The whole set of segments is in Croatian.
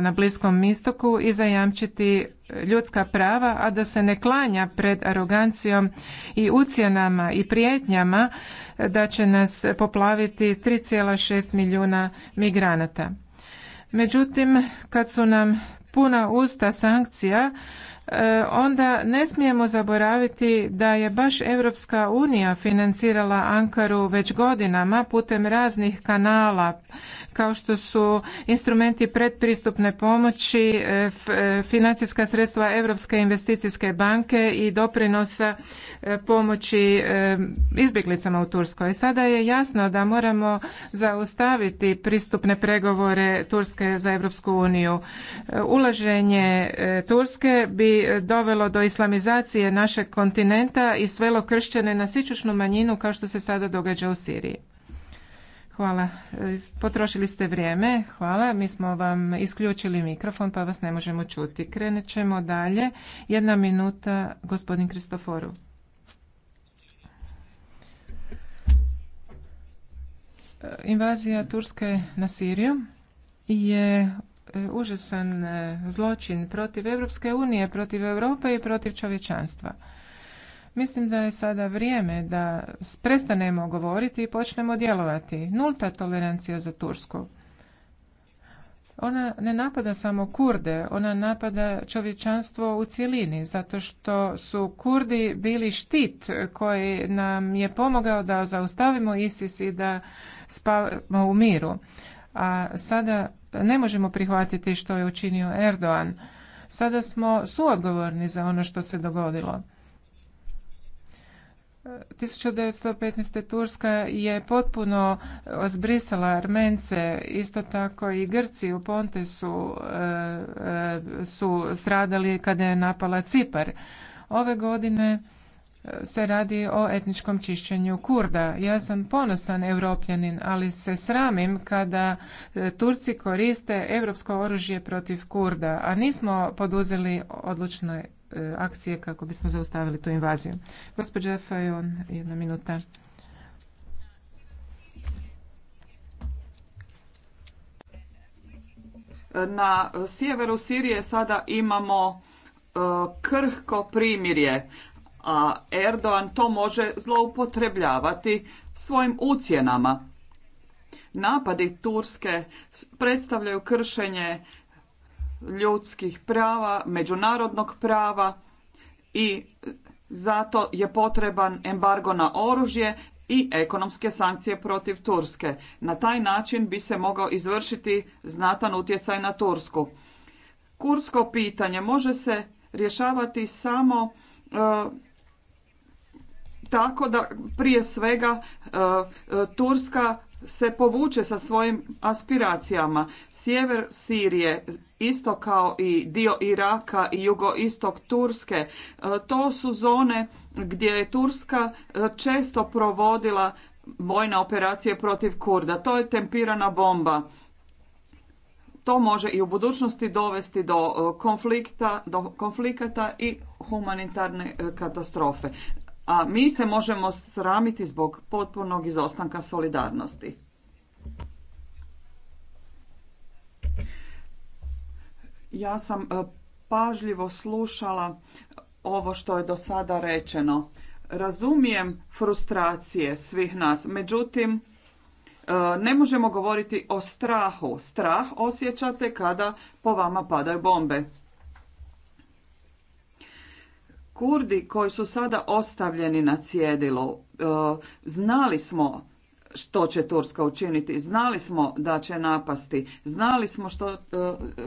na Bliskom istoku i zajamčiti ljudska prava, a da se ne klanja pred arogancijom i ucjenama i prijetnjama da će nas poplaviti 3,6 milijuna migranata. Međutim, kad su nam puna usta sankcija, E, onda ne smijemo zaboraviti da je baš Europska unija financirala Ankaru već godinama putem raznih kanala kao što su instrumenti predpristupne pomoći, e, e, financijska sredstva Europske investicijske banke i doprinosa pomoći izbjeglicama u Turskoj. Sada je jasno da moramo zaustaviti pristupne pregovore Turske za Europsku uniju. Ulaženje Turske bi dovelo do islamizacije našeg kontinenta i svelo kršćane na sičušnu manjinu kao što se sada događa u Siriji. Hvala. Potrošili ste vrijeme. Hvala. Mi smo vam isključili mikrofon pa vas ne možemo čuti. Krenut ćemo dalje. Jedna minuta gospodin Kristoforu. Invazija Turske na Siriju je E, užasan e, zločin protiv Europske unije, protiv Europe i protiv čovječanstva. Mislim da je sada vrijeme da prestanemo govoriti i počnemo djelovati. Nulta tolerancija za Tursku. Ona ne napada samo Kurde, ona napada čovječanstvo u cjelini, zato što su Kurdi bili štit koji nam je pomogao da zaustavimo ISIS i da spavamo u miru a sada ne možemo prihvatiti što je učinio Erdoğan. Sada smo suodgovorni za ono što se dogodilo. 1915. Turska je potpuno zbrisala Armence, isto tako i Grci u Pontesu e, e, su stradali kada je napala Cipar. Ove godine se radi o etničkom čišćenju Kurda. Ja sam ponosan europljanin, ali se sramim kada e, Turci koriste europsko oružje protiv Kurda, a nismo poduzeli odlučne e, akcije kako bismo zaustavili tu invaziju. Gospođa Fajon, jedna minuta. Na sjeveru Sirije sada imamo e, krhko primirje a Erdoğan to može zloupotrebljavati svojim ucjenama. Napadi Turske predstavljaju kršenje ljudskih prava, međunarodnog prava i zato je potreban embargo na oružje i ekonomske sankcije protiv Turske. Na taj način bi se mogao izvršiti znatan utjecaj na Tursku. Kursko pitanje može se rješavati samo e, tako da prije svega e, e, Turska se povuče sa svojim aspiracijama. Sjever Sirije, isto kao i dio Iraka i jugoistok Turske, e, to su zone gdje je Turska često provodila vojne operacije protiv Kurda. To je tempirana bomba. To može i u budućnosti dovesti do konflikta, do konflikata i humanitarne katastrofe a mi se možemo sramiti zbog potpunog izostanka solidarnosti. Ja sam e, pažljivo slušala ovo što je do sada rečeno. Razumijem frustracije svih nas, međutim e, ne možemo govoriti o strahu. Strah osjećate kada po vama padaju bombe. Kurdi koji su sada ostavljeni na cjedilu, e, znali smo što će Turska učiniti, znali smo da će napasti, znali smo što e,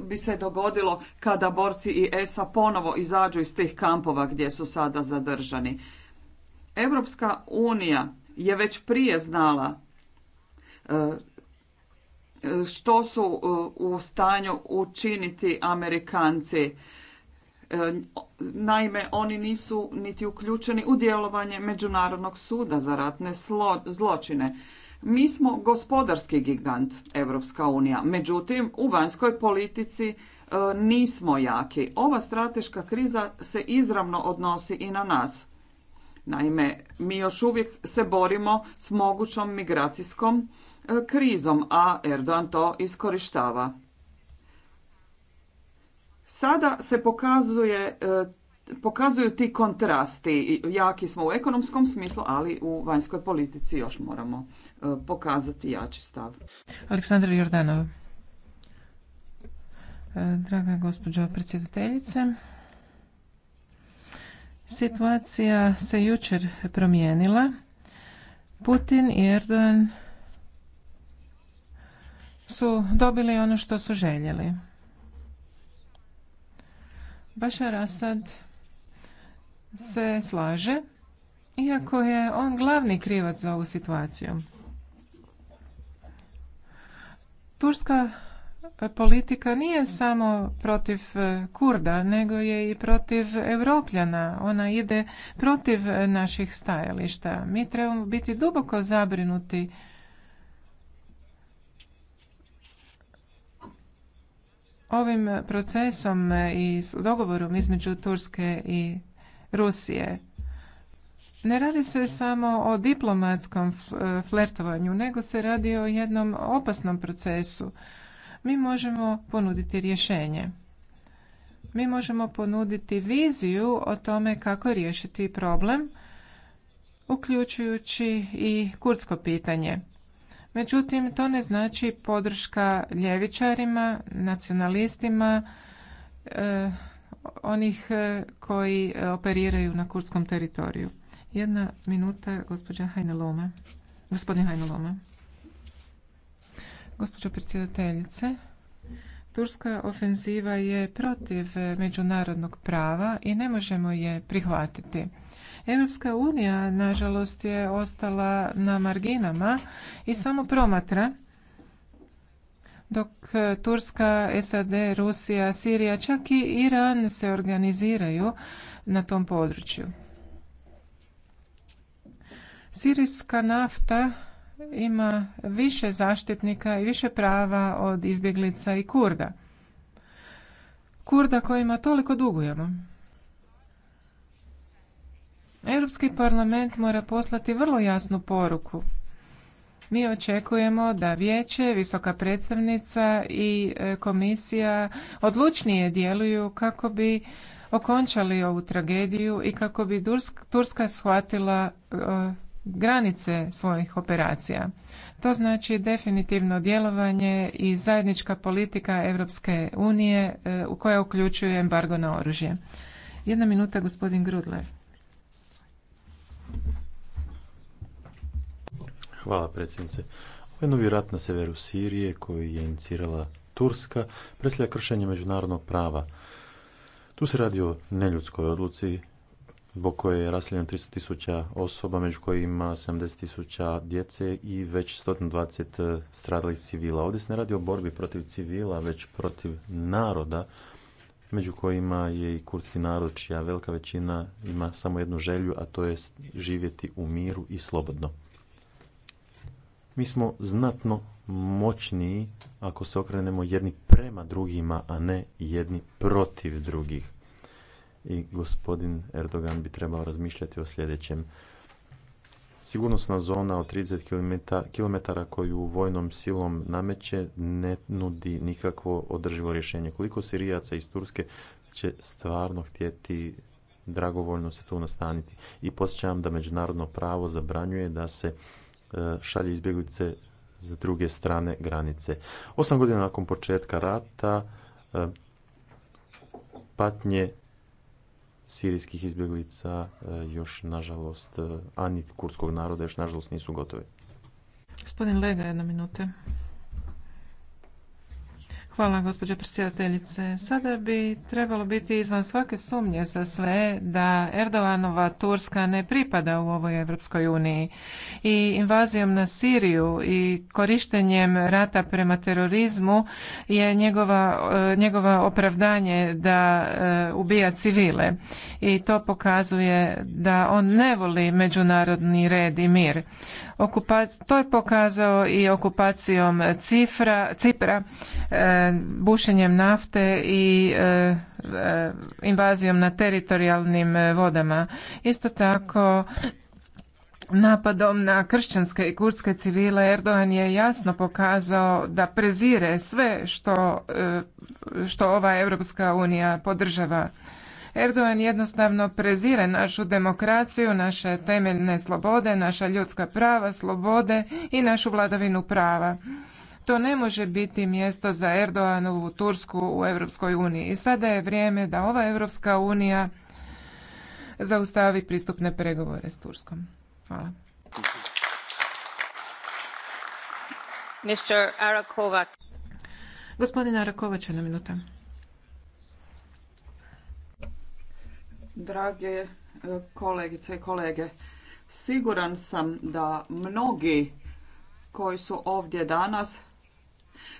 bi se dogodilo kada borci i ESA ponovo izađu iz tih kampova gdje su sada zadržani. Europska unija je već prije znala e, što su u stanju učiniti Amerikanci E, naime, oni nisu niti uključeni u djelovanje Međunarodnog suda za ratne zločine. Mi smo gospodarski gigant Europska unija, međutim u vanjskoj politici e, nismo jaki. Ova strateška kriza se izravno odnosi i na nas. Naime, mi još uvijek se borimo s mogućom migracijskom e, krizom, a Erdogan to iskorištava. Sada se pokazuje, e, pokazuju ti kontrasti. Jaki smo u ekonomskom smislu, ali u vanjskoj politici još moramo e, pokazati jači stav. Aleksandra Jordanova. E, draga gospođo predsjedateljice, situacija se jučer promijenila. Putin i Erdogan su dobili ono što su željeli. Bašar Asad se slaže, iako je on glavni krivac za ovu situaciju. Turska politika nije samo protiv e, Kurda, nego je i protiv Europljana. Ona ide protiv naših stajališta. Mi trebamo biti duboko zabrinuti Ovim procesom i dogovorom između Turske i Rusije ne radi se samo o diplomatskom flertovanju, nego se radi o jednom opasnom procesu. Mi možemo ponuditi rješenje. Mi možemo ponuditi viziju o tome kako riješiti problem, uključujući i kurdsko pitanje. Međutim, to ne znači podrška ljevičarima, nacionalistima, e, onih e, koji e, operiraju na kurskom teritoriju. Jedna minuta, gospođa Hajneloma. Gospodin Hajneloma. Gospođo predsjedateljice, Turska ofenziva je protiv međunarodnog prava i ne možemo je prihvatiti. Europska unija, nažalost, je ostala na marginama i samo promatra dok e, Turska, SAD, Rusija, Sirija, čak i Iran se organiziraju na tom području. Sirijska nafta ima više zaštitnika i više prava od izbjeglica i Kurda. Kurda kojima toliko dugujemo. Europski parlament mora poslati vrlo jasnu poruku. Mi očekujemo da vijeće, visoka predstavnica i e, komisija odlučnije djeluju kako bi okončali ovu tragediju i kako bi Turska shvatila e, granice svojih operacija. To znači definitivno djelovanje i zajednička politika Europske unije e, koja uključuje embargo na oružje. Jedna minuta, gospodin Grudler. Hvala predsjednice. Ovo je novi rat na severu Sirije koji je inicirala Turska, predstavlja kršenje međunarodnog prava. Tu se radi o neljudskoj odluci zbog koje je raseljeno 300.000 tisuća osoba, među kojima 70 tisuća djece i već 120 stradalih civila. Ovdje se ne radi o borbi protiv civila, već protiv naroda, među kojima je i kurdski narod, čija velika većina ima samo jednu želju, a to je živjeti u miru i slobodno mi smo znatno moćniji ako se okrenemo jedni prema drugima, a ne jedni protiv drugih. I gospodin Erdogan bi trebao razmišljati o sljedećem. Sigurnosna zona od 30 km koju vojnom silom nameće ne nudi nikakvo održivo rješenje. Koliko Sirijaca iz Turske će stvarno htjeti dragovoljno se tu nastaniti? I posjećam da međunarodno pravo zabranjuje da se E, šalje izbjeglice s druge strane granice. Osam godina nakon početka rata e, patnje sirijskih izbjeglica e, još nažalost, ani kurskog naroda još nažalost nisu gotove. Gospodin Lega, jedna minuta. Hvala gospođo predsjedateljice. Sada bi trebalo biti izvan svake sumnje za sve da Erdoganova Turska ne pripada u ovoj Evropskoj uniji i invazijom na Siriju i korištenjem rata prema terorizmu je njegova, e, njegova opravdanje da e, ubija civile i to pokazuje da on ne voli međunarodni red i mir. To je pokazao i okupacijom Cifra, Cipra, e, bušenjem nafte i e, e, invazijom na teritorijalnim vodama. Isto tako Napadom na kršćanske i kurdske civile Erdogan je jasno pokazao da prezire sve što, što ova Europska unija podržava. Erdogan jednostavno prezire našu demokraciju, naše temeljne slobode, naša ljudska prava, slobode i našu vladavinu prava. To ne može biti mjesto za Erdoganovu Tursku u Europskoj uniji. I sada je vrijeme da ova Europska unija zaustavi pristupne pregovore s Turskom. Hvala. Mr. Arakovac. Gospodin Arakovac, jedna minuta. Drage e, kolegice i kolege, siguran sam da mnogi koji su ovdje danas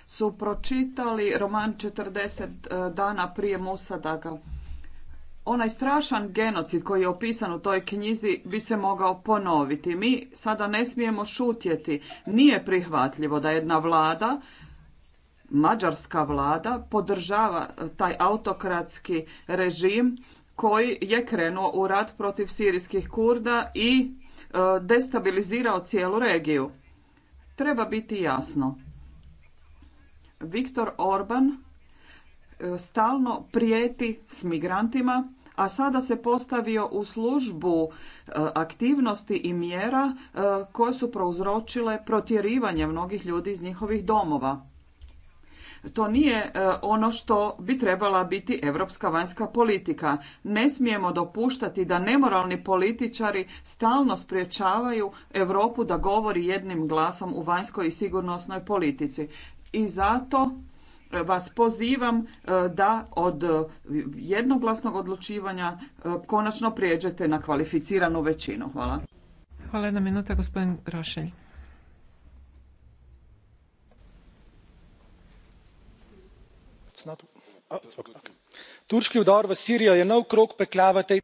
su pročitali roman 40 e, dana prije Musadaga. Onaj strašan genocid koji je opisan u toj knjizi bi se mogao ponoviti. Mi sada ne smijemo šutjeti. Nije prihvatljivo da jedna vlada, mađarska vlada, podržava e, taj autokratski režim koji je krenuo u rat protiv sirijskih kurda i e, destabilizirao cijelu regiju. Treba biti jasno. Viktor Orban e, stalno prijeti s migrantima, a sada se postavio u službu e, aktivnosti i mjera koje su prouzročile protjerivanje mnogih ljudi iz njihovih domova. To nije e, ono što bi trebala biti europska vanjska politika. Ne smijemo dopuštati da nemoralni političari stalno spriječavaju Europu da govori jednim glasom u vanjskoj i sigurnosnoj politici. I zato e, vas pozivam e, da od jednoglasnog odlučivanja konačno prijeđete na kvalificiranu većinu. Hvala. Hvala jedna minuta, gospodin Grošelj. turški udar v sirijo je nov krog v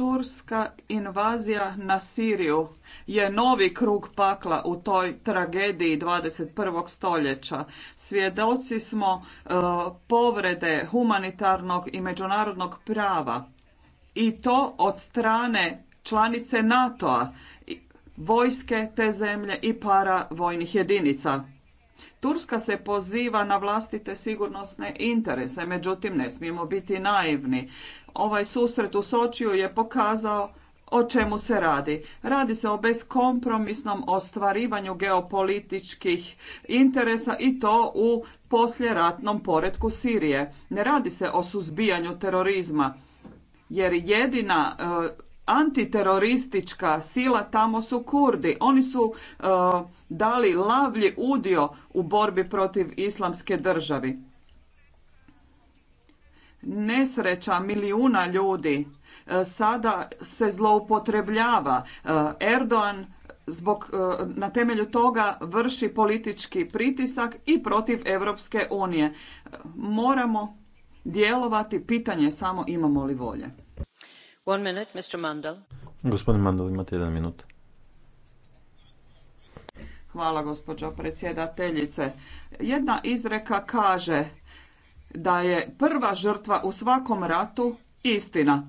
turska invazija na Siriju je novi krug pakla u toj tragediji 21. stoljeća. Svjedoci smo e, povrede humanitarnog i međunarodnog prava i to od strane članice NATO-a, vojske te zemlje i para vojnih jedinica. Turska se poziva na vlastite sigurnosne interese, međutim ne smijemo biti naivni. Ovaj susret u Sočiju je pokazao o čemu se radi? Radi se o beskompromisnom ostvarivanju geopolitičkih interesa i to u posljeratnom poretku Sirije. Ne radi se o suzbijanju terorizma jer jedina antiteroristička sila tamo su Kurdi. Oni su uh, dali lavlji udio u borbi protiv islamske državi. Nesreća milijuna ljudi uh, sada se zloupotrebljava. Uh, Erdoğan zbog na temelju toga vrši politički pritisak i protiv Europske unije. Moramo djelovati, pitanje samo imamo li volje. Gospodin Mandel, imate jedan minut. Hvala, gospođo predsjedateljice. Jedna izreka kaže da je prva žrtva u svakom ratu istina.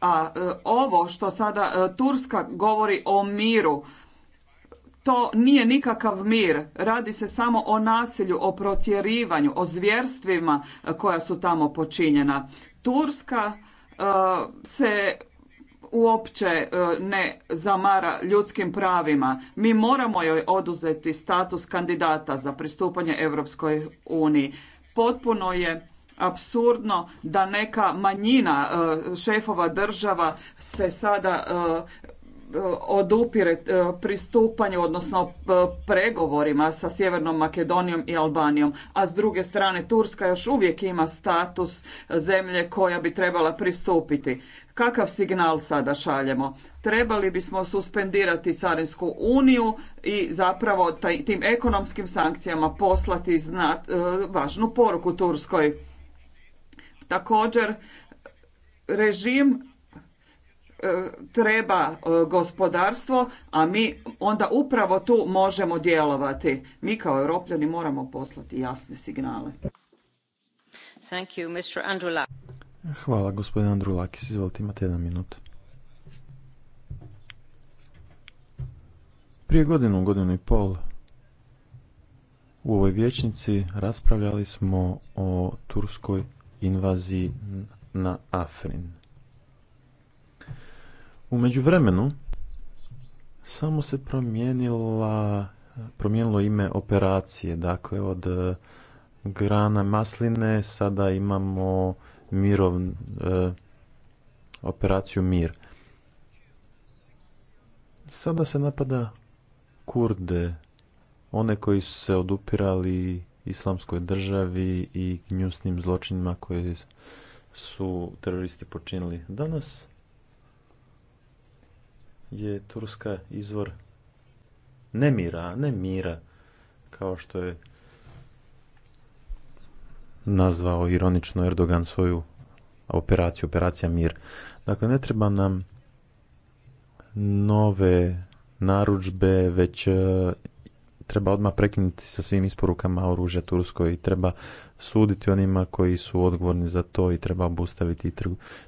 A e, ovo što sada e, Turska govori o miru, to nije nikakav mir. Radi se samo o nasilju, o protjerivanju, o zvjerstvima e, koja su tamo počinjena. Turska e, se uopće e, ne zamara ljudskim pravima. Mi moramo joj oduzeti status kandidata za pristupanje Europskoj uniji. Potpuno je apsurdno da neka manjina šefova država se sada odupire e, pristupanju, odnosno e, pregovorima sa Sjevernom Makedonijom i Albanijom, a s druge strane Turska još uvijek ima status zemlje koja bi trebala pristupiti. Kakav signal sada šaljemo? Trebali bismo suspendirati Carinsku uniju i zapravo taj, tim ekonomskim sankcijama poslati e, važnu poruku Turskoj. Također, režim E, treba e, gospodarstvo, a mi onda upravo tu možemo djelovati. Mi kao europljani moramo poslati jasne signale. Thank Hvala, gospodin Andrulakis. Izvolite, imate jedan minut. Prije godinu, godinu i pol, u ovoj vječnici raspravljali smo o turskoj invaziji na Afrin. U međuvremenu samo se promijenila, promijenilo ime operacije, dakle od e, grana masline sada imamo mirov, e, operaciju mir. Sada se napada kurde, one koji su se odupirali islamskoj državi i gnjusnim zločinima koje su teroristi počinili. Danas je Turska izvor nemira, a ne mira, kao što je nazvao ironično Erdogan svoju operaciju, operacija mir. Dakle, ne treba nam nove narudžbe, već e, treba odmah prekinuti sa svim isporukama oružja Turskoj i treba suditi onima koji su odgovorni za to i treba obustaviti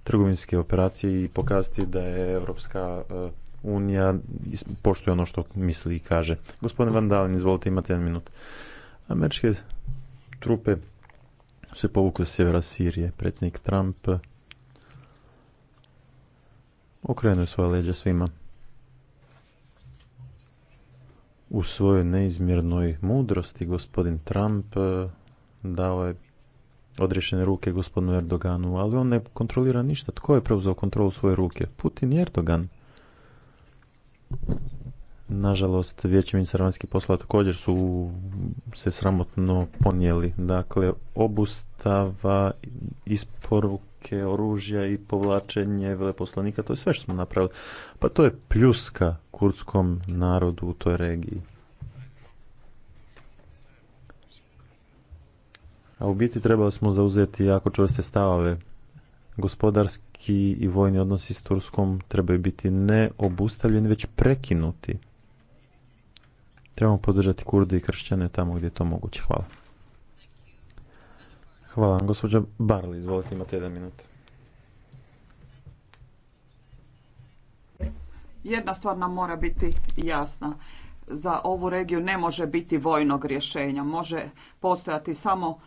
trgovinske operacije i pokazati da je Europska e, unija poštuje ono što misli i kaže. Gospodin Van Dalen, izvolite, imate jedan minut. Američke trupe su se povukle s sjevera Sirije. Predsjednik Trump okrenuo svoje leđa svima. U svojoj neizmjernoj mudrosti gospodin Trump eh, dao je odrešene ruke gospodinu Erdoganu, ali on ne kontrolira ništa. Tko je preuzeo kontrolu svoje ruke? Putin i Erdogan. Nažalost, vijeće ministra vanjskih poslova također su se sramotno ponijeli. Dakle, obustava, isporuke oružja i povlačenje veleposlanika, to je sve što smo napravili. Pa to je pljuska kurdskom narodu u toj regiji. A u biti trebali smo zauzeti jako čvrste stavove gospodarski i vojni odnosi s Turskom trebaju biti ne obustavljeni, već prekinuti. Trebamo podržati kurde i kršćane tamo gdje je to moguće. Hvala. Hvala vam, gospođa Barli, izvolite, imate jedan minut. Jedna stvar nam mora biti jasna. Za ovu regiju ne može biti vojnog rješenja. Može postojati samo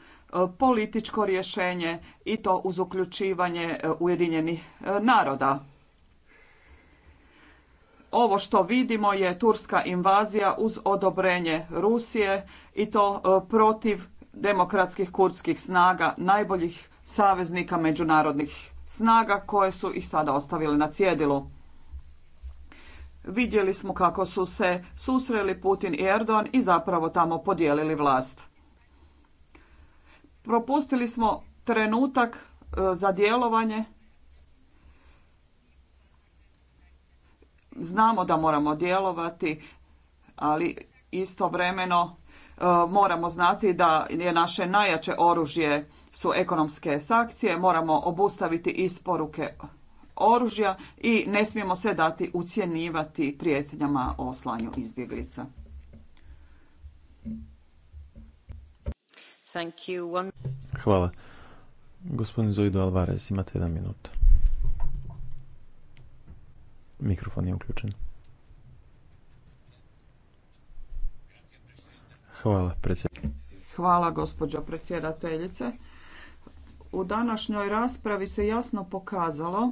političko rješenje i to uz uključivanje e, Ujedinjenih e, naroda. Ovo što vidimo je turska invazija uz odobrenje Rusije i to e, protiv demokratskih kurdskih snaga, najboljih saveznika međunarodnih snaga koje su ih sada ostavili na cjedilu. Vidjeli smo kako su se susreli Putin i Erdogan i zapravo tamo podijelili vlast propustili smo trenutak e, za djelovanje. Znamo da moramo djelovati, ali istovremeno e, moramo znati da je naše najjače oružje su ekonomske sankcije, moramo obustaviti isporuke oružja i ne smijemo se dati ucjenjivati prijetnjama o slanju izbjeglica. Hvala. Gospodin Zoido Alvarez, imate jedan minut. Mikrofon je uključen. Hvala, predsjedateljice. Hvala, gospođo predsjedateljice. U današnjoj raspravi se jasno pokazalo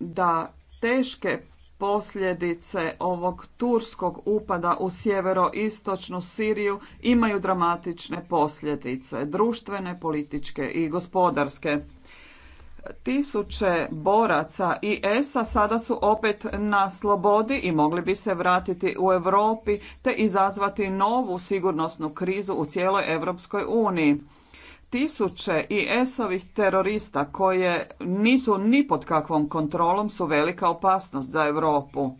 da teške posljedice ovog turskog upada u sjeveroistočnu Siriju imaju dramatične posljedice, društvene, političke i gospodarske. Tisuće boraca IS-a sada su opet na slobodi i mogli bi se vratiti u Europi te izazvati novu sigurnosnu krizu u cijeloj Europskoj uniji. Tisuće IS-ovih terorista koje nisu ni pod kakvom kontrolom su velika opasnost za Europu.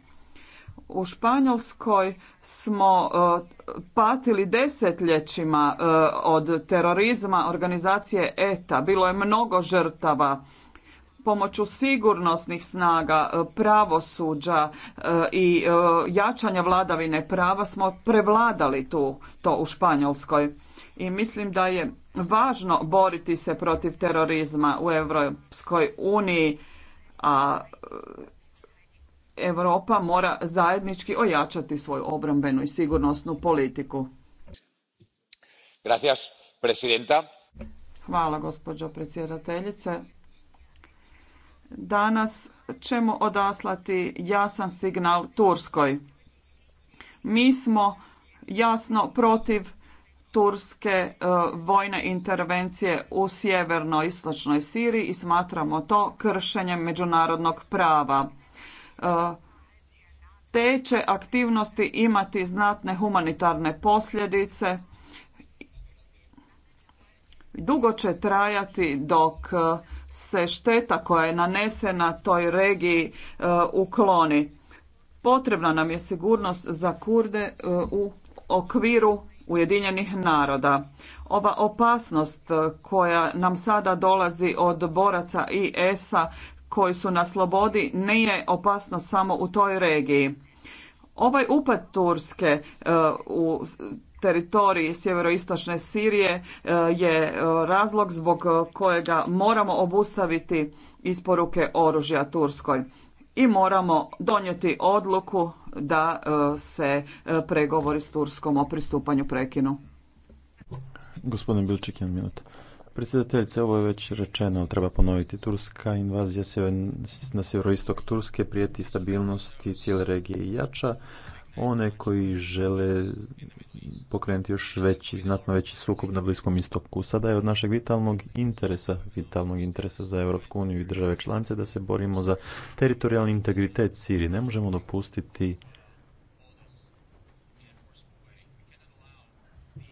U Španjolskoj smo e, patili desetljećima e, od terorizma organizacije ETA. Bilo je mnogo žrtava pomoću sigurnosnih snaga, e, pravosuđa i jačanja vladavine prava smo prevladali tu to u Španjolskoj. I mislim da je važno boriti se protiv terorizma u Europskoj uniji, a e, Europa mora zajednički ojačati svoju obrambenu i sigurnosnu politiku. Gracias, presidenta. Hvala, gospođo predsjedateljice. Danas ćemo odaslati jasan signal Turskoj. Mi smo jasno protiv turske e, vojne intervencije u sjeverno-istočnoj Siriji i smatramo to kršenjem međunarodnog prava. E, te će aktivnosti imati znatne humanitarne posljedice. Dugo će trajati dok e, se šteta koja je nanesena toj regiji ukloni. Potrebna nam je sigurnost za kurde u okviru Ujedinjenih naroda. Ova opasnost koja nam sada dolazi od boraca IS-a koji su na slobodi nije opasnost samo u toj regiji. Ovaj upad Turske e, u teritoriji sjeveroistočne Sirije e, je e, razlog zbog kojega moramo obustaviti isporuke oružja Turskoj i moramo donijeti odluku da e, se e, pregovori s Turskom o pristupanju prekinu. Gospodin Bilčik, jedan minut. Predsjedateljice, ovo je već rečeno, treba ponoviti. Turska invazija na sjeveroistok Turske prijeti stabilnosti cijele regije i jača one koji žele pokrenuti još veći, znatno veći sukob na Bliskom istoku. Sada je od našeg vitalnog interesa, vitalnog interesa za Europsku uniju i države članice da se borimo za teritorijalni integritet Sirije. Ne možemo dopustiti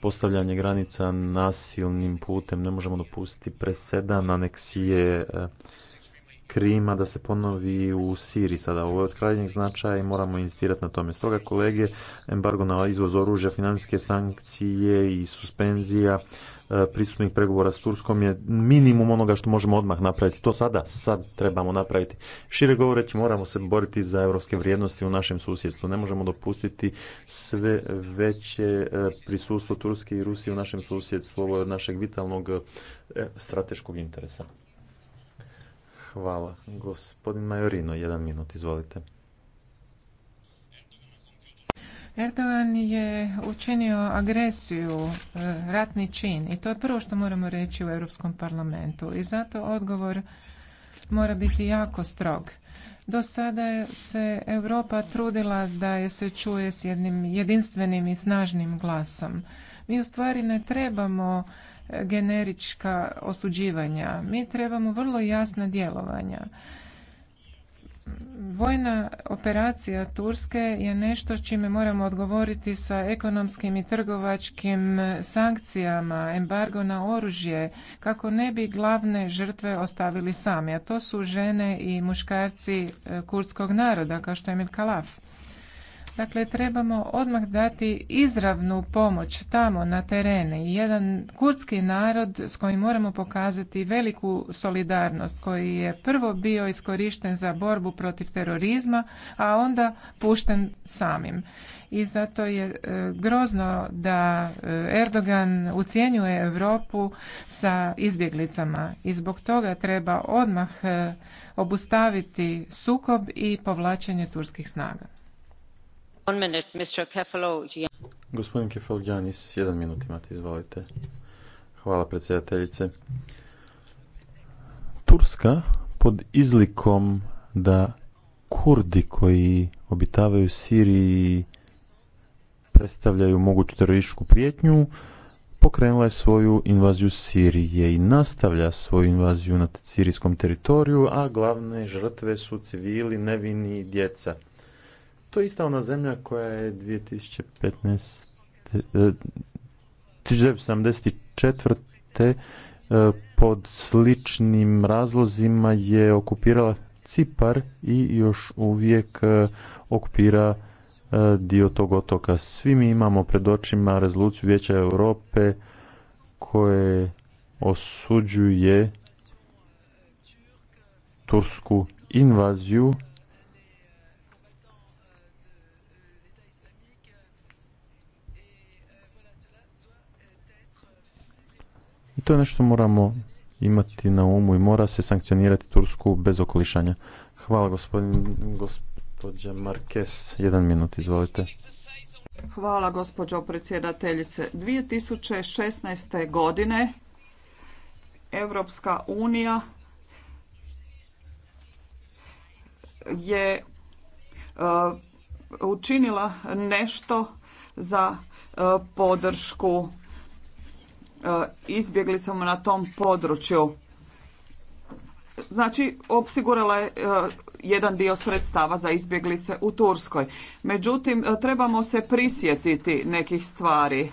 postavljanje granica nasilnim putem, ne možemo dopustiti presedan aneksije eh, Krima da se ponovi u Siriji sada. Ovo je od krajnjeg značaja i moramo insistirati na tome. Stoga kolege, embargo na izvoz oružja, financijske sankcije i suspenzija e, pristupnih pregovora s Turskom je minimum onoga što možemo odmah napraviti. To sada, sad trebamo napraviti. Šire govoreći, moramo se boriti za europske vrijednosti u našem susjedstvu. Ne možemo dopustiti sve veće e, prisustvo Turske i Rusije u našem susjedstvu. Ovo je od našeg vitalnog e, strateškog interesa. Hvala. Gospodin Majorino, jedan minut, izvolite. Erdogan je učinio agresiju, e, ratni čin i to je prvo što moramo reći u Europskom parlamentu i zato odgovor mora biti jako strog. Do sada se Europa trudila da je se čuje s jednim jedinstvenim i snažnim glasom. Mi u stvari ne trebamo generička osuđivanja. Mi trebamo vrlo jasna djelovanja. Vojna operacija Turske je nešto čime moramo odgovoriti sa ekonomskim i trgovačkim sankcijama, embargo na oružje, kako ne bi glavne žrtve ostavili sami, a to su žene i muškarci e, kurdskog naroda, kao što je Emil Dakle, trebamo odmah dati izravnu pomoć tamo na terene. Jedan kurdski narod s kojim moramo pokazati veliku solidarnost koji je prvo bio iskorišten za borbu protiv terorizma, a onda pušten samim. I zato je e, grozno da e, Erdogan ucijenjuje Europu sa izbjeglicama i zbog toga treba odmah e, obustaviti sukob i povlačenje turskih snaga. Gospodin Kefalogianis, jedan minut imate, izvolite. Hvala predsjedateljice. Turska pod izlikom da Kurdi koji obitavaju Siriji predstavljaju moguću terorističku prijetnju, pokrenula je svoju invaziju Sirije i nastavlja svoju invaziju na sirijskom teritoriju, a glavne žrtve su civili, nevini i djeca. To je ista ona zemlja koja je 2015. 1974. E, e, pod sličnim razlozima je okupirala Cipar i još uvijek e, okupira dio tog otoka. Svi mi imamo pred očima rezoluciju Vijeća Europe koje osuđuje tursku invaziju to je nešto moramo imati na umu i mora se sankcionirati Tursku bez okolišanja. Hvala gospodin, gospođa Marques. Jedan minut, izvolite. Hvala gospođo predsjedateljice. 2016. godine Europska unija je e, učinila nešto za e, podršku E, izbjeglicama na tom području. Znači, osigurala je e, jedan dio sredstava za izbjeglice u Turskoj. Međutim, e, trebamo se prisjetiti nekih stvari.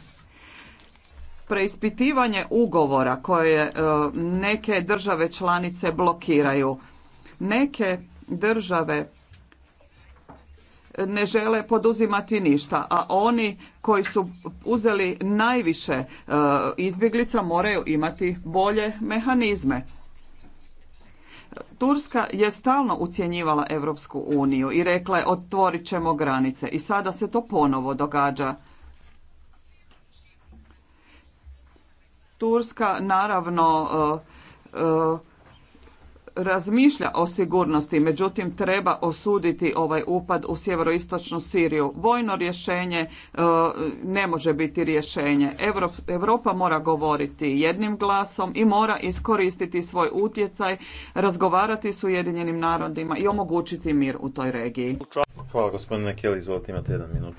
Preispitivanje ugovora koje neke države članice blokiraju. Neke države ne žele poduzimati ništa, a oni koji su uzeli najviše e, izbjeglica moraju imati bolje mehanizme. Turska je stalno ucjenjivala Europsku uniju i rekla je otvorit ćemo granice i sada se to ponovo događa. Turska naravno e, e, razmišlja o sigurnosti, međutim treba osuditi ovaj upad u sjeveroistočnu Siriju. Vojno rješenje e, ne može biti rješenje. Europa mora govoriti jednim glasom i mora iskoristiti svoj utjecaj, razgovarati s Ujedinjenim narodima i omogućiti mir u toj regiji. Hvala gospodine Kelly, izvolite imate jedan minut.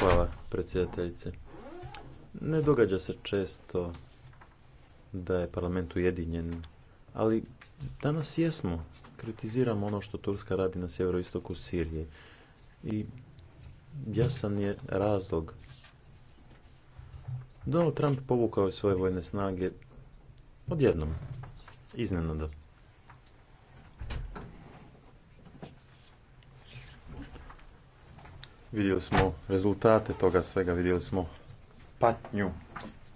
Hvala predsjedateljice. Ne događa se često da je parlament ujedinjen, ali danas jesmo. Kritiziramo ono što Turska radi na sjeveroistoku Sirije. I jasan je razlog. Donald Trump povukao svoje vojne snage odjednom, iznenada. Vidjeli smo rezultate toga svega, vidjeli smo patnju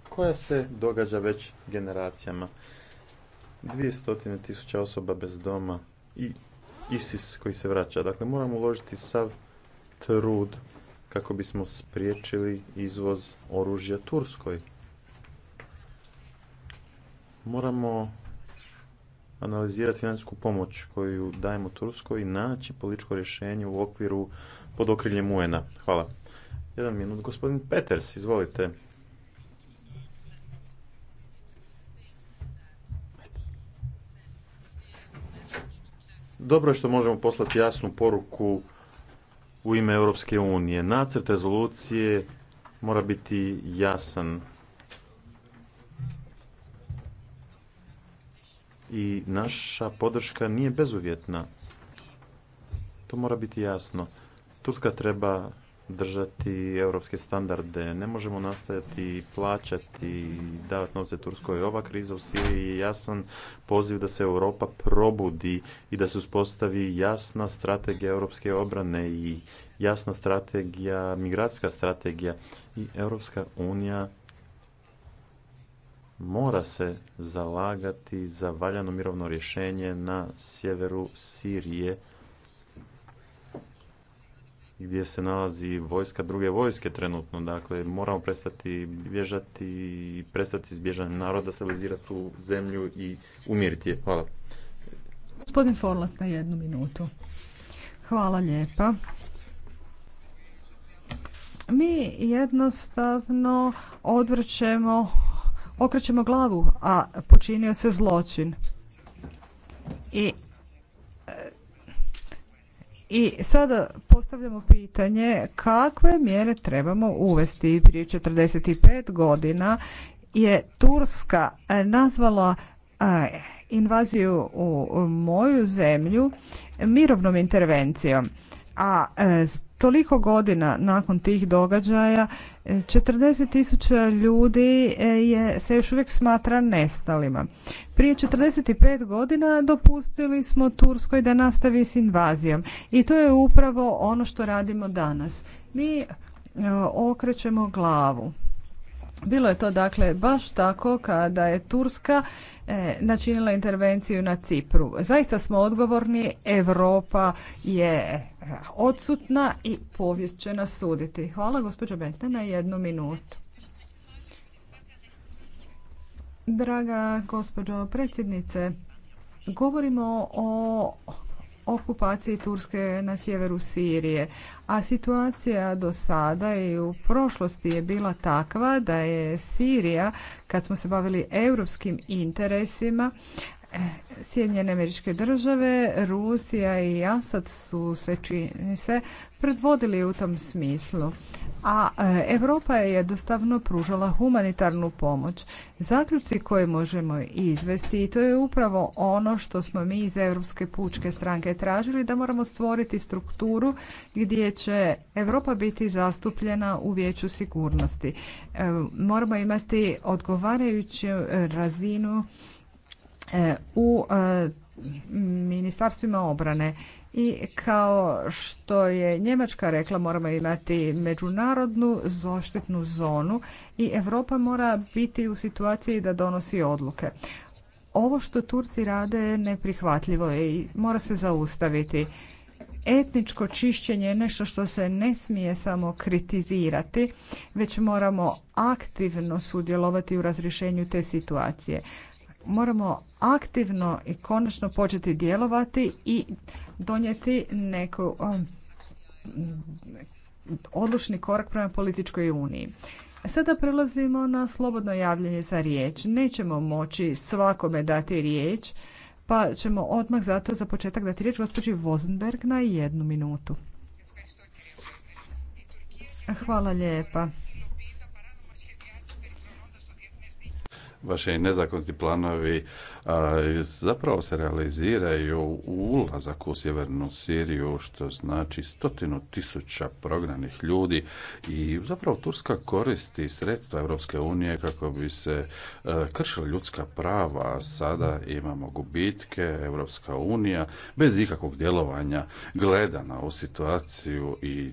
koja se događa već generacijama. 200.000 osoba bez doma i ISIS koji se vraća. Dakle, moramo uložiti sav trud kako bismo spriječili izvoz oružja Turskoj. Moramo analizirati financijsku pomoć koju dajemo Turskoj i naći političko rješenje u okviru pod okriljem UN-a. Hvala. Jedan minut, gospodin Peters, izvolite. Dobro je što možemo poslati jasnu poruku u ime Europske unije. Nacrt rezolucije mora biti jasan. I naša podrška nije bezuvjetna. To mora biti jasno. Turska treba držati europske standarde. Ne možemo nastajati plaćati i davati novce Turskoj. Ova kriza u Siriji je jasan poziv da se Europa probudi i da se uspostavi jasna strategija europske obrane i jasna strategija, migracijska strategija i Europska unija mora se zalagati za valjano mirovno rješenje na sjeveru Sirije gdje se nalazi vojska druge vojske trenutno. Dakle, moramo prestati bježati i prestati narod naroda, stabilizirati tu zemlju i umiriti je. Hvala. Gospodin Forlas na jednu minutu. Hvala lijepa. Mi jednostavno odvrćemo, okrećemo glavu, a počinio se zločin. I i sada postavljamo pitanje kakve mjere trebamo uvesti. Prije 45 godina je Turska e, nazvala e, invaziju u moju zemlju mirovnom intervencijom. A e, toliko godina nakon tih događaja 40 e, tisuća ljudi e, je, se još uvijek smatra nestalima. Prije 45 godina dopustili smo Turskoj da nastavi s invazijom i to je upravo ono što radimo danas. Mi e, okrećemo glavu. Bilo je to dakle baš tako kada je Turska načinila intervenciju na Cipru. Zaista smo odgovorni, Europa je odsutna i povijest će nas suditi. Hvala gospođo Betne na jednu minutu. Draga gospođo predsjednice, govorimo o okupaciji Turske na sjeveru Sirije, a situacija do sada i u prošlosti je bila takva da je Sirija, kad smo se bavili europskim interesima, Sjedinjene američke države, Rusija i Asad su se čini se predvodili u tom smislu. A Europa je jednostavno pružala humanitarnu pomoć. Zaključci koje možemo izvesti i to je upravo ono što smo mi iz Europske pučke stranke tražili da moramo stvoriti strukturu gdje će Europa biti zastupljena u vijeću sigurnosti. E, moramo imati odgovarajuću razinu E, u e, ministarstvima obrane i kao što je Njemačka rekla moramo imati međunarodnu zaštitnu zonu i Europa mora biti u situaciji da donosi odluke. Ovo što Turci rade je neprihvatljivo i mora se zaustaviti. Etničko čišćenje je nešto što se ne smije samo kritizirati, već moramo aktivno sudjelovati u razrješenju te situacije moramo aktivno i konačno početi djelovati i donijeti neku um, odlučni korak prema političkoj uniji. Sada prelazimo na slobodno javljanje za riječ. Nećemo moći svakome dati riječ, pa ćemo odmah zato za početak dati riječ gospođi Vozenberg na jednu minutu. Hvala lijepa. vaši nezakoniti planovi zapravo se realiziraju u ulazak u sjevernu Siriju, što znači stotinu tisuća prognanih ljudi i zapravo Turska koristi sredstva Europske unije kako bi se e, kršila ljudska prava, a sada imamo gubitke, Europska unija bez ikakvog djelovanja gleda na ovu situaciju i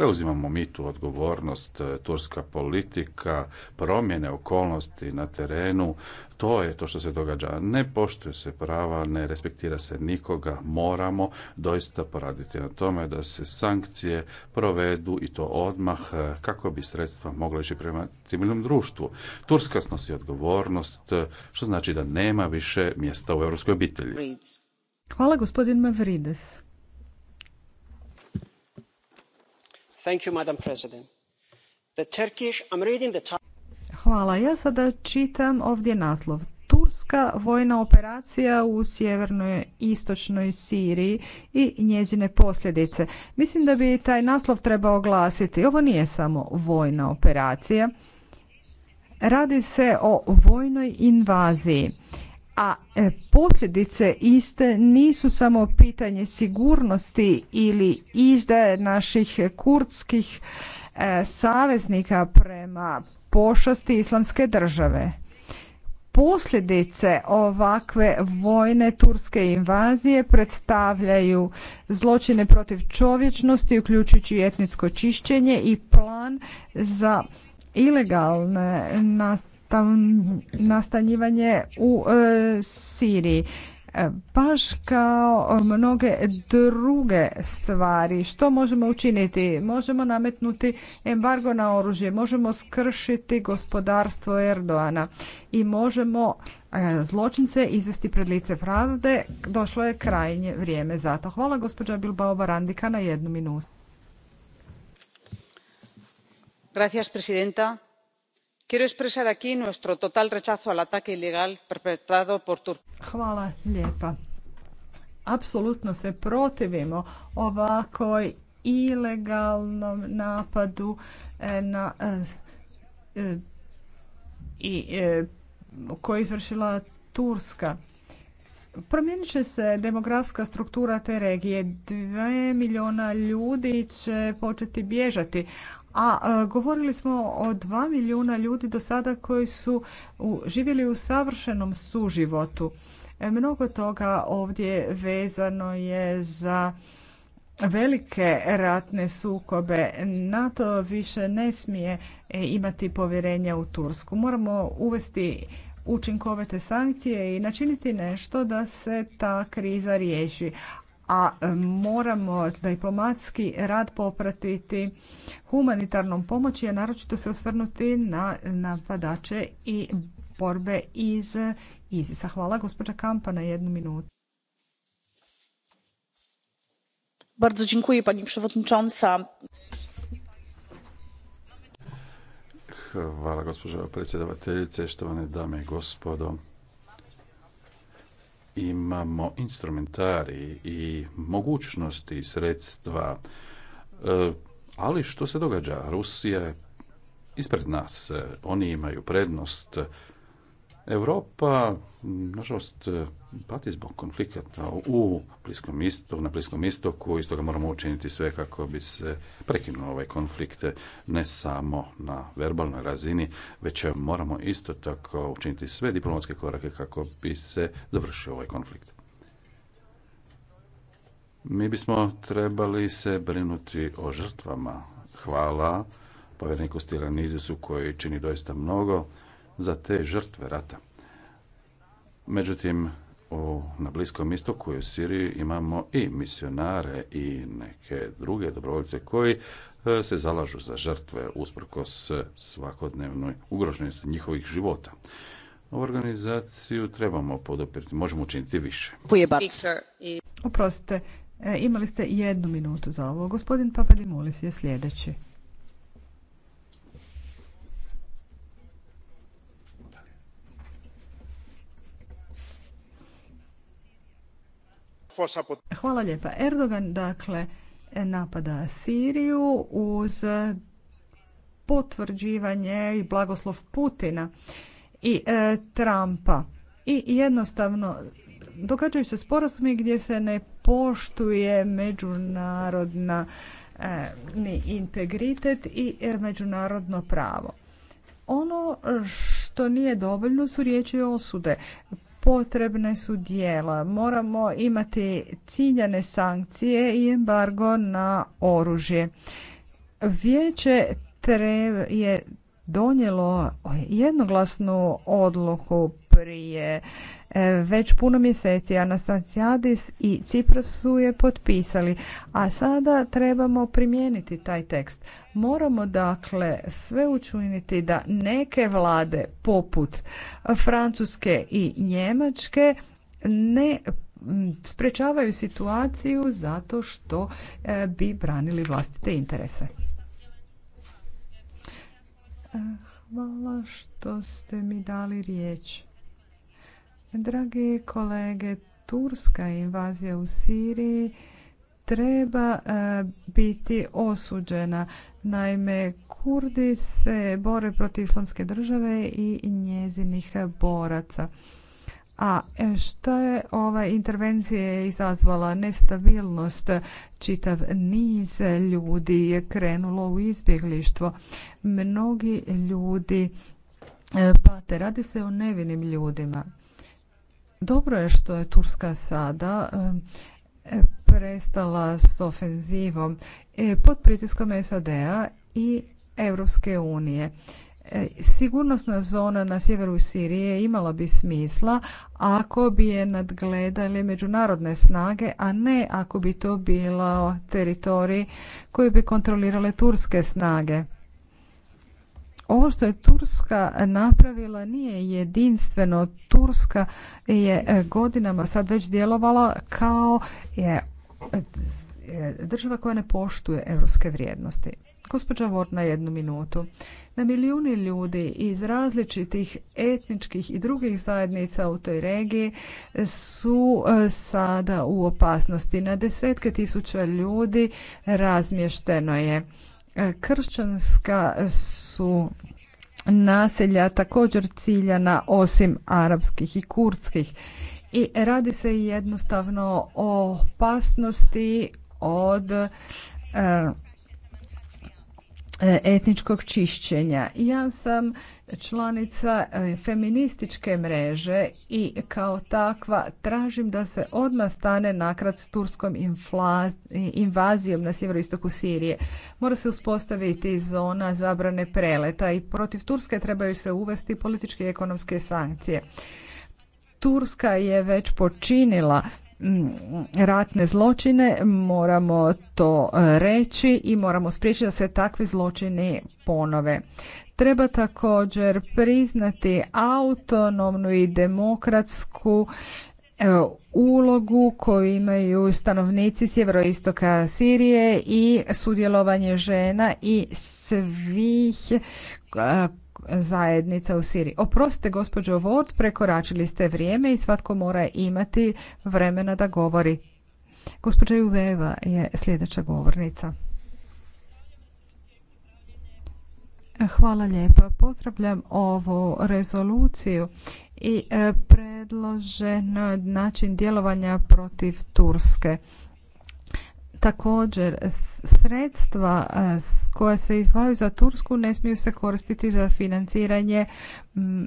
Preuzimamo mi tu odgovornost, e, turska politika, promjene okolnosti na terenu, to je to što se događa. Ne poštuju se prava, ne respektira se nikoga, moramo doista poraditi na tome da se sankcije provedu i to odmah e, kako bi sredstva mogla ići prema civilnom društvu. Turska snosi odgovornost, e, što znači da nema više mjesta u europskoj obitelji. Hvala gospodin Mavrides. hvala ja sada čitam ovdje naslov turska vojna operacija u sjevernoj istočnoj siriji i njezine posljedice mislim da bi taj naslov trebao glasiti ovo nije samo vojna operacija radi se o vojnoj invaziji a e, posljedice iste nisu samo pitanje sigurnosti ili izdaje naših kurdskih e, saveznika prema pošasti islamske države. Posljedice ovakve vojne turske invazije predstavljaju zločine protiv čovječnosti, uključujući etničko čišćenje i plan za ilegalne nastavljanje nastanjivanje u e, Siriji. E, baš kao mnoge druge stvari. Što možemo učiniti? Možemo nametnuti embargo na oružje, možemo skršiti gospodarstvo Erdoana i možemo e, zločince izvesti pred lice pravde. Došlo je krajnje vrijeme za to. Hvala gospođa Bilbao Barandika na jednu minutu. Gracias, presidenta quiero expresar aquí nuestro total rechazo al ilegal perpetrado Hvala lijepa. Apsolutno se protivimo ovakoj ilegalnom napadu e, na e, e, koji je izvršila Turska. Promijenit će se demografska struktura te regije. Dve milijuna ljudi će početi bježati, a e, govorili smo o dva milijuna ljudi do sada koji su živjeli u savršenom suživotu. E, mnogo toga ovdje vezano je za velike ratne sukobe. NATO više ne smije e, imati povjerenja u Tursku. Moramo uvesti učinkovite sankcije i načiniti nešto da se ta kriza riješi a e, moramo diplomatski rad popratiti humanitarnom pomoći, a naročito se osvrnuti na napadače i borbe iz ISIS-a. Hvala gospođa Kampa na jednu minutu. Bardzo dziękuję pani przewodnicząca. Hvala gospođo predsjedavateljice, štovane dame i gospodo imamo instrumentari i mogućnosti sredstva e, ali što se događa rusija ispred nas oni imaju prednost Europa, nažalost, pati zbog konflikata u Bliskom istoku, na Bliskom istoku i stoga moramo učiniti sve kako bi se prekinuo ovaj konflikt ne samo na verbalnoj razini, već moramo isto tako učiniti sve diplomatske korake kako bi se završio ovaj konflikt. Mi bismo trebali se brinuti o žrtvama. Hvala povjereniku Stilanizusu koji čini doista mnogo za te žrtve rata. Međutim, u, na Bliskom istoku i u Siriji imamo i misionare i neke druge dobrovoljce koji e, se zalažu za žrtve usprkos svakodnevnoj ugroženosti njihovih života. Ovu organizaciju trebamo podopriti. možemo učiniti više. Oprostite, e, imali ste jednu minutu za ovo. Gospodin Papadimulis je sljedeći. Hvala lijepa. Erdogan dakle napada Siriju uz potvrđivanje i blagoslov Putina i e, Trumpa. I jednostavno događaju se sporazumi gdje se ne poštuje međunarodna e, integritet i e, međunarodno pravo. Ono što nije dovoljno su riječi osude potrebne su dijela. Moramo imati ciljane sankcije i embargo na oružje. Vijeće je donijelo jednoglasnu odluku prije E, već puno mjeseci Anastasiadis i Cipras su je potpisali, a sada trebamo primijeniti taj tekst. Moramo dakle sve učiniti da neke vlade poput Francuske i Njemačke ne sprečavaju situaciju zato što e, bi branili vlastite interese. E, hvala što ste mi dali riječ. Dragi kolege, turska invazija u Siriji treba e, biti osuđena. Naime, Kurdi se bore protiv islamske države i njezinih boraca. A e, što je ova intervencija izazvala? Nestabilnost. Čitav niz ljudi je krenulo u izbjeglištvo. Mnogi ljudi e, pate. Radi se o nevinim ljudima. Dobro je što je Turska sada e, prestala s ofenzivom e, pod pritiskom SAD-a i Europske unije. E, sigurnosna zona na sjeveru Sirije imala bi smisla ako bi je nadgledali međunarodne snage, a ne ako bi to bilo teritorij koji bi kontrolirale turske snage. Ovo što je Turska napravila nije jedinstveno. Turska je e, godinama sad već djelovala kao je e, država koja ne poštuje europske vrijednosti. Gospođa Vort na jednu minutu. Na milijuni ljudi iz različitih etničkih i drugih zajednica u toj regiji su e, sada u opasnosti. Na desetke tisuća ljudi razmješteno je. E, kršćanska su naselja također ciljana osim arapskih i kurdskih i radi se jednostavno o opasnosti od e, E, etničkog čišćenja. Ja sam članica e, feminističke mreže i kao takva tražim da se odmah stane nakrat s turskom invazijom na sjeveroistoku Sirije. Mora se uspostaviti zona zabrane preleta i protiv Turske trebaju se uvesti političke i ekonomske sankcije. Turska je već počinila Mm, ratne zločine, moramo to e, reći i moramo spriječiti da se takvi zločini ponove. Treba također priznati autonomnu i demokratsku e, ulogu koju imaju stanovnici sjeveroistoka Sirije i sudjelovanje žena i svih e, zajednica u Siriji. Oprostite gospođo Ward, prekoračili ste vrijeme i svatko mora imati vremena da govori. Gospođa Juveva je sljedeća govornica. Hvala lijepa. Pozdravljam ovu rezoluciju i e, predložen način djelovanja protiv Turske. Također, sredstva e, koja se izdvajaju za Tursku ne smiju se koristiti za financiranje mm,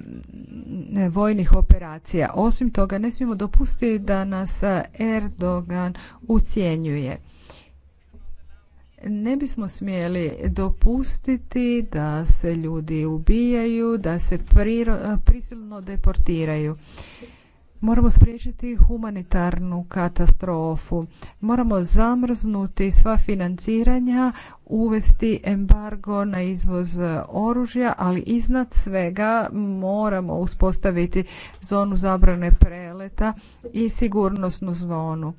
e, vojnih operacija. Osim toga, ne smijemo dopustiti da nas Erdogan ucjenjuje. Ne bismo smjeli dopustiti da se ljudi ubijaju, da se e, prisilno deportiraju. Moramo spriječiti humanitarnu katastrofu. Moramo zamrznuti sva financiranja, uvesti embargo na izvoz oružja, ali iznad svega moramo uspostaviti zonu zabrane preleta i sigurnosnu zonu.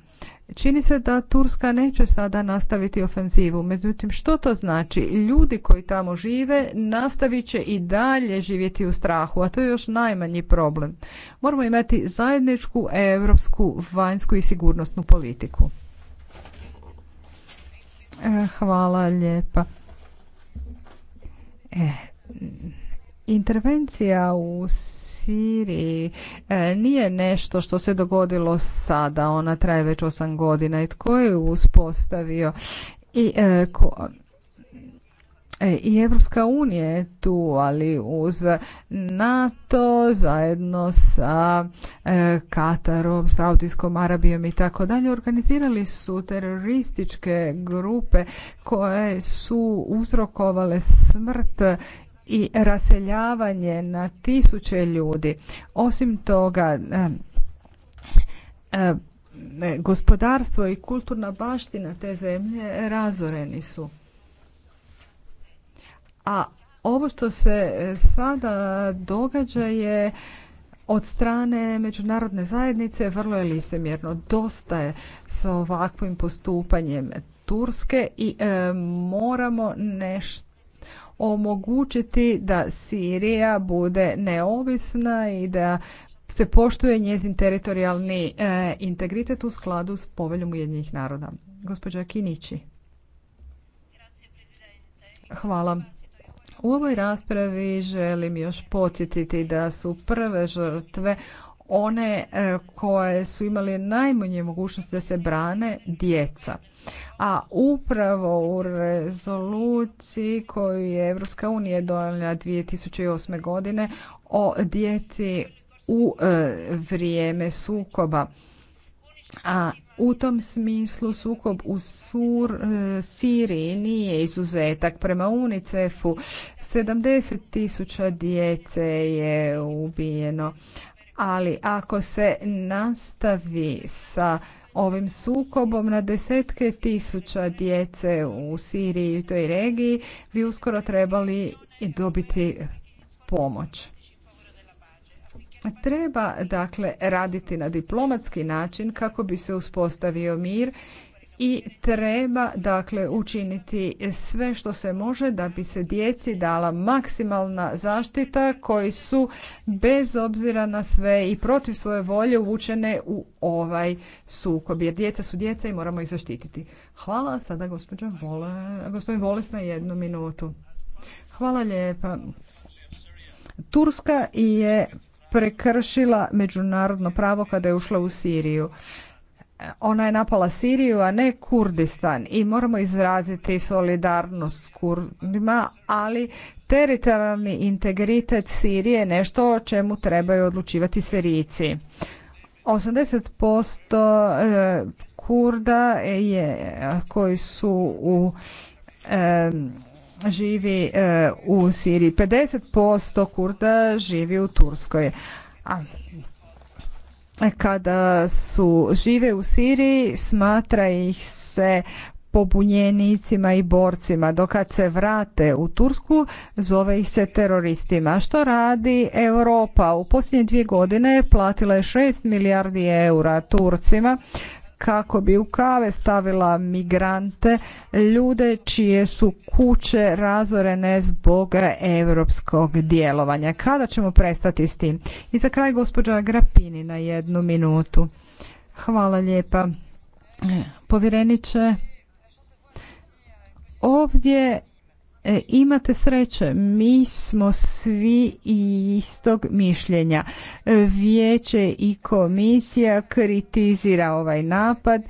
Čini se da Turska neće sada nastaviti ofenzivu. Međutim, što to znači? Ljudi koji tamo žive nastavit će i dalje živjeti u strahu, a to je još najmanji problem. Moramo imati zajedničku europsku vanjsku i sigurnosnu politiku. E, hvala lijepa. E, intervencija u Siriji e, nije nešto što se dogodilo sada, ona traje već osam godina i tko je uspostavio i e, ko, e, i Evropska unija je tu, ali uz NATO zajedno sa Katarom, Saudijskom Arabijom i tako dalje organizirali su terorističke grupe koje su uzrokovale smrt i raseljavanje na tisuće ljudi. Osim toga, eh, eh, gospodarstvo i kulturna baština te zemlje razoreni su. A ovo što se eh, sada događa je od strane međunarodne zajednice vrlo je licemjerno. Dosta je s ovakvim postupanjem Turske i moramo nešto omogućiti da Sirija bude neovisna i da se poštuje njezin teritorijalni e, integritet u skladu s poveljom Ujedinjenih naroda. Gospođa Kinići. Hvala. U ovoj raspravi želim još podsjetiti da su prve žrtve one e, koje su imali najmanje mogućnosti da se brane djeca. A upravo u rezoluciji koju je Evropska unija donijela 2008. godine o djeci u e, vrijeme sukoba. A u tom smislu sukob u Sur, e, Siriji nije izuzetak. Prema UNICEF-u 70.000 djece je ubijeno, ali ako se nastavi sa ovim sukobom na desetke tisuća djece u Siriji i u toj regiji bi uskoro trebali dobiti pomoć. Treba dakle raditi na diplomatski način kako bi se uspostavio mir i treba dakle učiniti sve što se može da bi se djeci dala maksimalna zaštita koji su bez obzira na sve i protiv svoje volje uvučene u ovaj sukob jer djeca su djeca i moramo ih zaštititi. Hvala sada gospođa Vole, gospodin Voles na jednu minutu. Hvala lijepa. Turska je prekršila međunarodno pravo kada je ušla u Siriju ona je napala Siriju, a ne Kurdistan i moramo izraziti solidarnost s Kurdima, ali teritorijalni integritet Sirije je nešto o čemu trebaju odlučivati Sirijci. 80% eh, Kurda je, koji su u eh, živi eh, u Siriji, 50% Kurda živi u Turskoj. A kada su žive u Siriji smatra ih se pobunjenicima i borcima, dok kad se vrate u Tursku zove ih se teroristima. Što radi Europa? U posljednje dvije godine platila je 6 milijardi eura Turcima kako bi u kave stavila migrante, ljude čije su kuće razorene zbog europskog djelovanja. Kada ćemo prestati s tim? I za kraj gospođa Grapini na jednu minutu. Hvala lijepa. Povjereniče, ovdje E, imate sreće, mi smo svi istog mišljenja. E, vijeće i komisija kritizira ovaj napad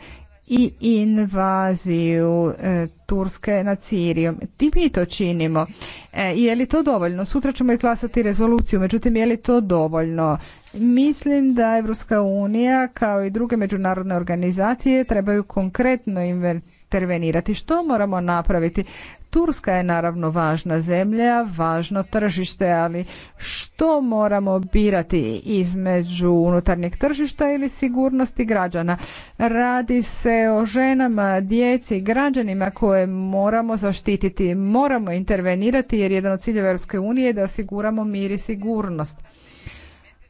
i invaziju e, Turske nad Sirijom. Ti mi to činimo. E, je li to dovoljno? Sutra ćemo izglasati rezoluciju, međutim je li to dovoljno? Mislim da Evropska unija kao i druge međunarodne organizacije trebaju konkretno invertirati intervenirati. Što moramo napraviti? Turska je naravno važna zemlja, važno tržište, ali što moramo birati između unutarnjeg tržišta ili sigurnosti građana? Radi se o ženama, djeci, građanima koje moramo zaštititi, moramo intervenirati jer jedan od ciljeva EU unije je da osiguramo mir i sigurnost.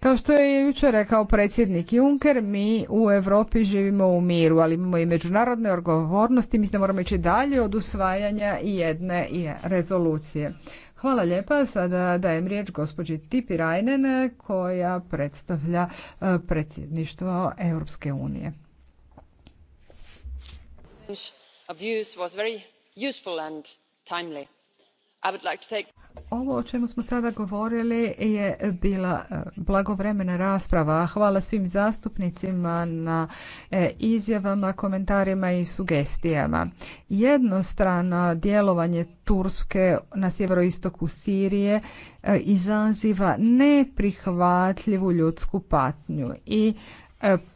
Kao što je jučer rekao predsjednik Juncker, mi u Europi živimo u miru, ali imamo i međunarodne odgovornosti, mislim da moramo ići dalje od usvajanja jedne rezolucije. Hvala lijepa, sada dajem riječ gospođi Tipi Rajnen koja predstavlja e, predsjedništvo Europske unije. Ovo o čemu smo sada govorili je bila e, blagovremena rasprava. Hvala svim zastupnicima na e, izjavama, komentarima i sugestijama. Jednostrano djelovanje Turske na sjeveroistoku Sirije e, izaziva neprihvatljivu ljudsku patnju i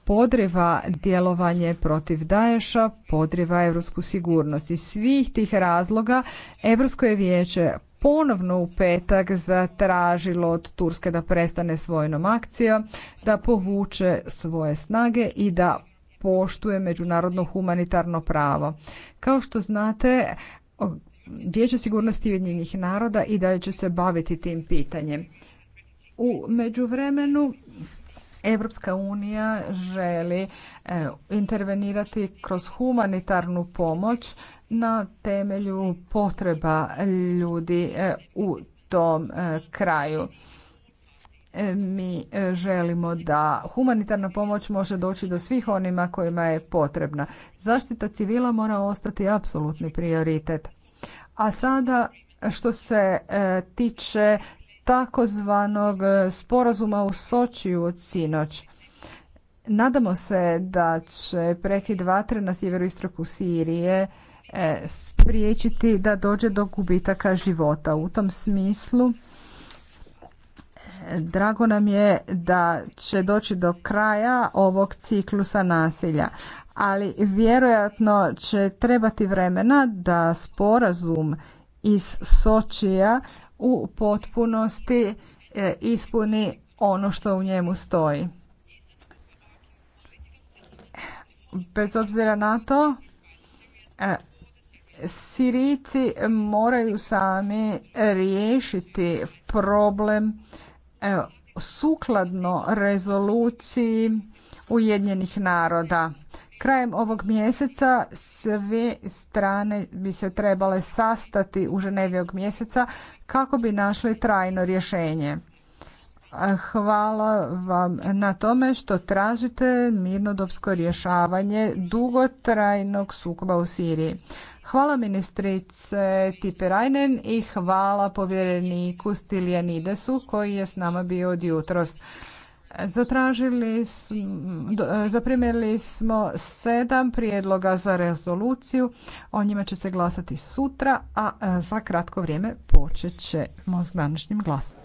podriva djelovanje protiv Daješa, podriva Europsku sigurnost. Iz svih tih razloga Evropsko je vijeće ponovno u petak zatražilo od Turske da prestane s vojnom akcijom, da povuče svoje snage i da poštuje međunarodno humanitarno pravo. Kao što znate, Vijeće sigurnosti Ujedinjenih naroda i dalje će se baviti tim pitanjem. U međuvremenu Evropska unija želi eh, intervenirati kroz humanitarnu pomoć na temelju potreba ljudi e, u tom e, kraju. E, mi želimo da humanitarna pomoć može doći do svih onima kojima je potrebna. Zaštita civila mora ostati apsolutni prioritet. A sada što se tiče takozvanog sporazuma u Sočiju od sinoć. Nadamo se da će prekid vatre na sjeveroistoku Sirije E, spriječiti da dođe do gubitaka života. U tom smislu e, drago nam je da će doći do kraja ovog ciklusa nasilja, ali vjerojatno će trebati vremena da sporazum iz Sočija u potpunosti e, ispuni ono što u njemu stoji. Bez obzira na to, Sirici moraju sami riješiti problem e, sukladno rezoluciji Ujedinjenih naroda. Krajem ovog mjeseca sve strane bi se trebale sastati u Ženevi mjeseca kako bi našli trajno rješenje. Hvala vam na tome što tražite mirnodopsko rješavanje dugotrajnog sukoba u Siriji. Hvala ministrice Rajnen i hvala povjereniku Stiljanidesu koji je s nama bio od jutros. Zatražili, zaprimili smo sedam prijedloga za rezoluciju. O njima će se glasati sutra, a e, za kratko vrijeme počet ćemo s današnjim glasom.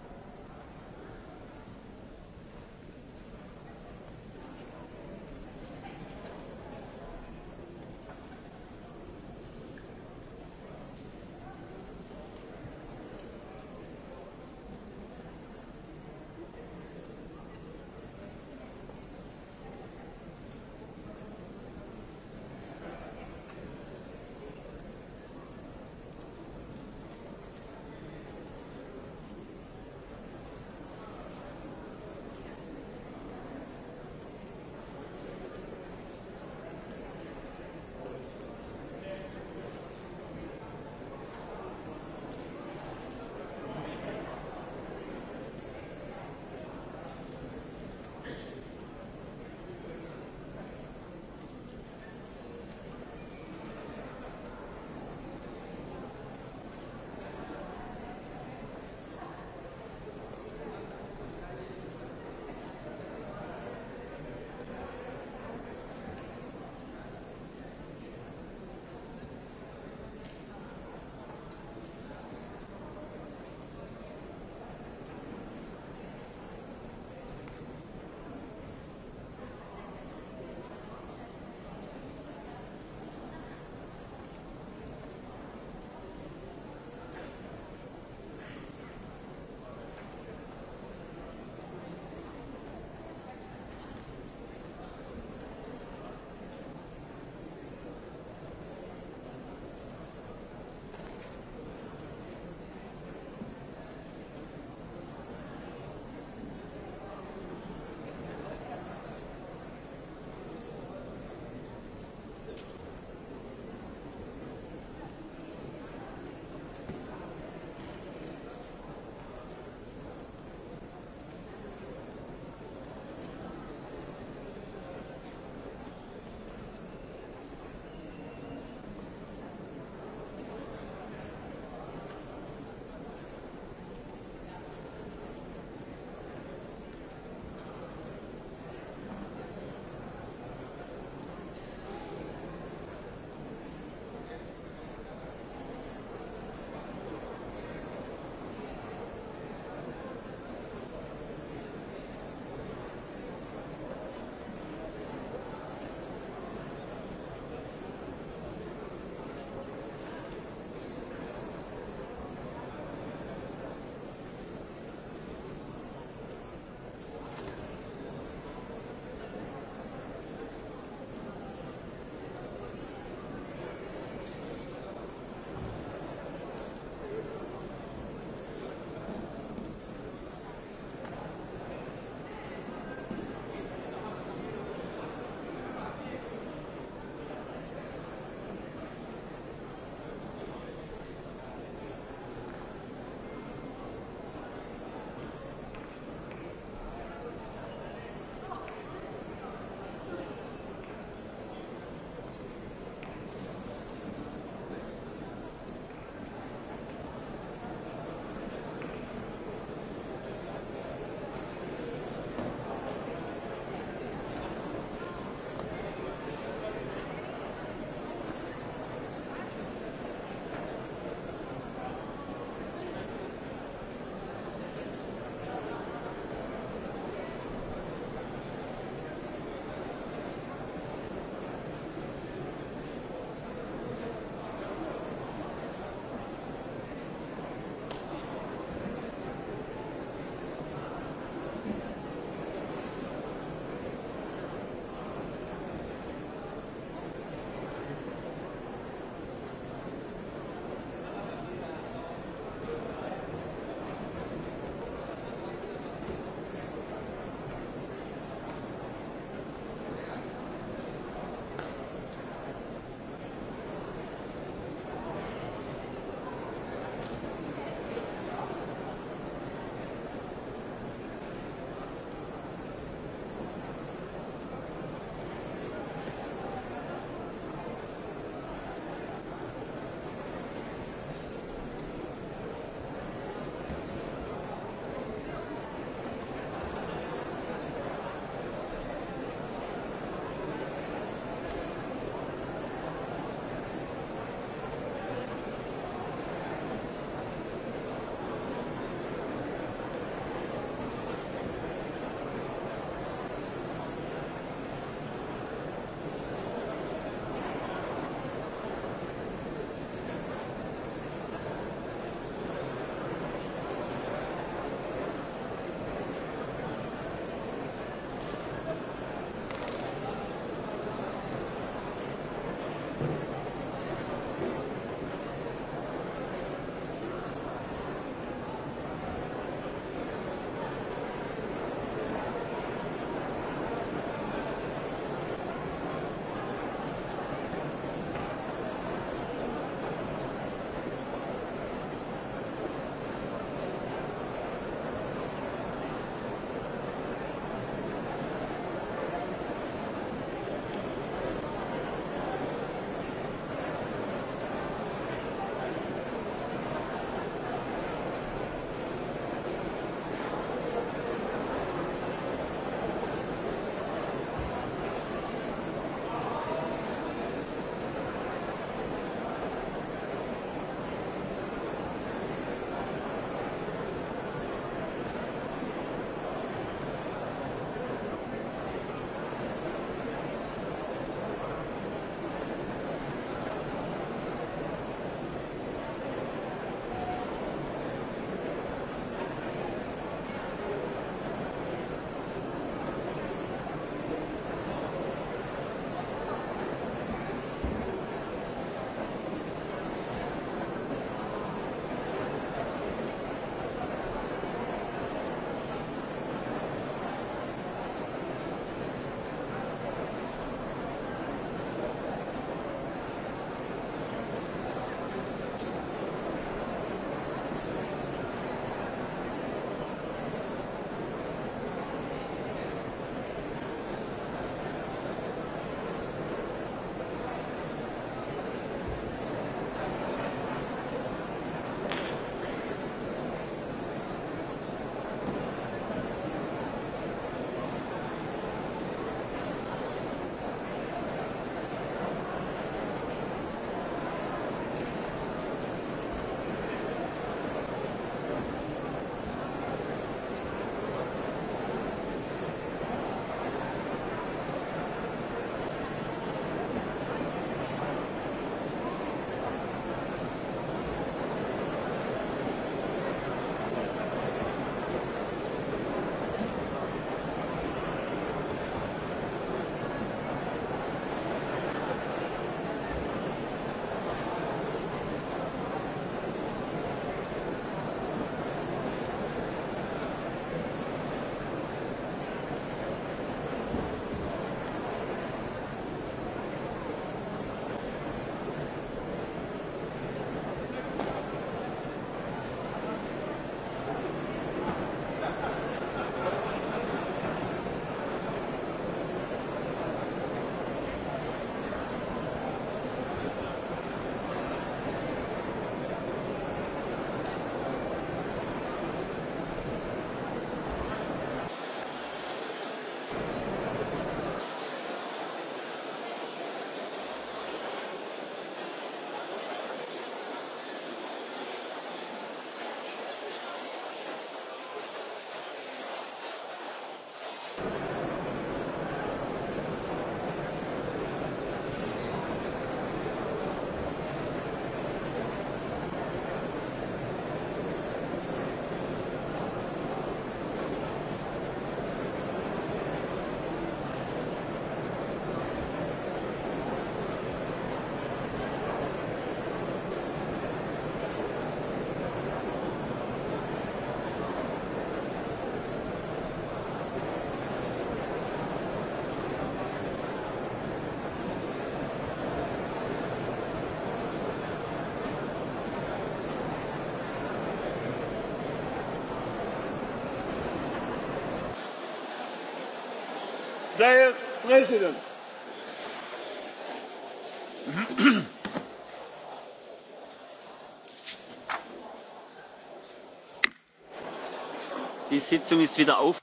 Dear President. Die Sitzung ist wieder auf.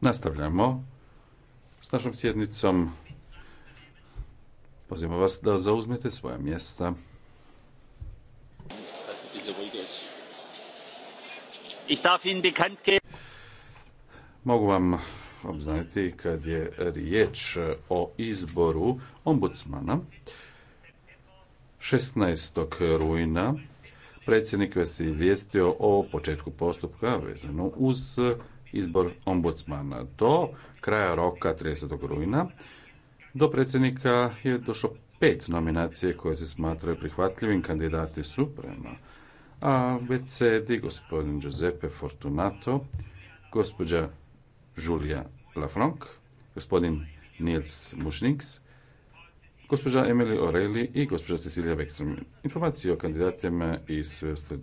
Nastavljamo s našom sjednicom. Pozivam vas da zauzmete svoja mjesta. Ich darf Ihnen bekannt geben. Mogu vam obznaniti kad je riječ o izboru ombudsmana. 16. rujna predsjednik vas je izvijestio o početku postupka vezano uz izbor ombudsmana. Do kraja roka 30. rujna do predsjednika je došlo pet nominacije koje se smatraju prihvatljivim kandidati su prema a gospodin Giuseppe Fortunato, gospođa Julia Lafranc, gospodin Nils Mušniks, gospođa Emily O'Reilly i gospođa Cecilia Beckström. Informacije o kandidatima i sve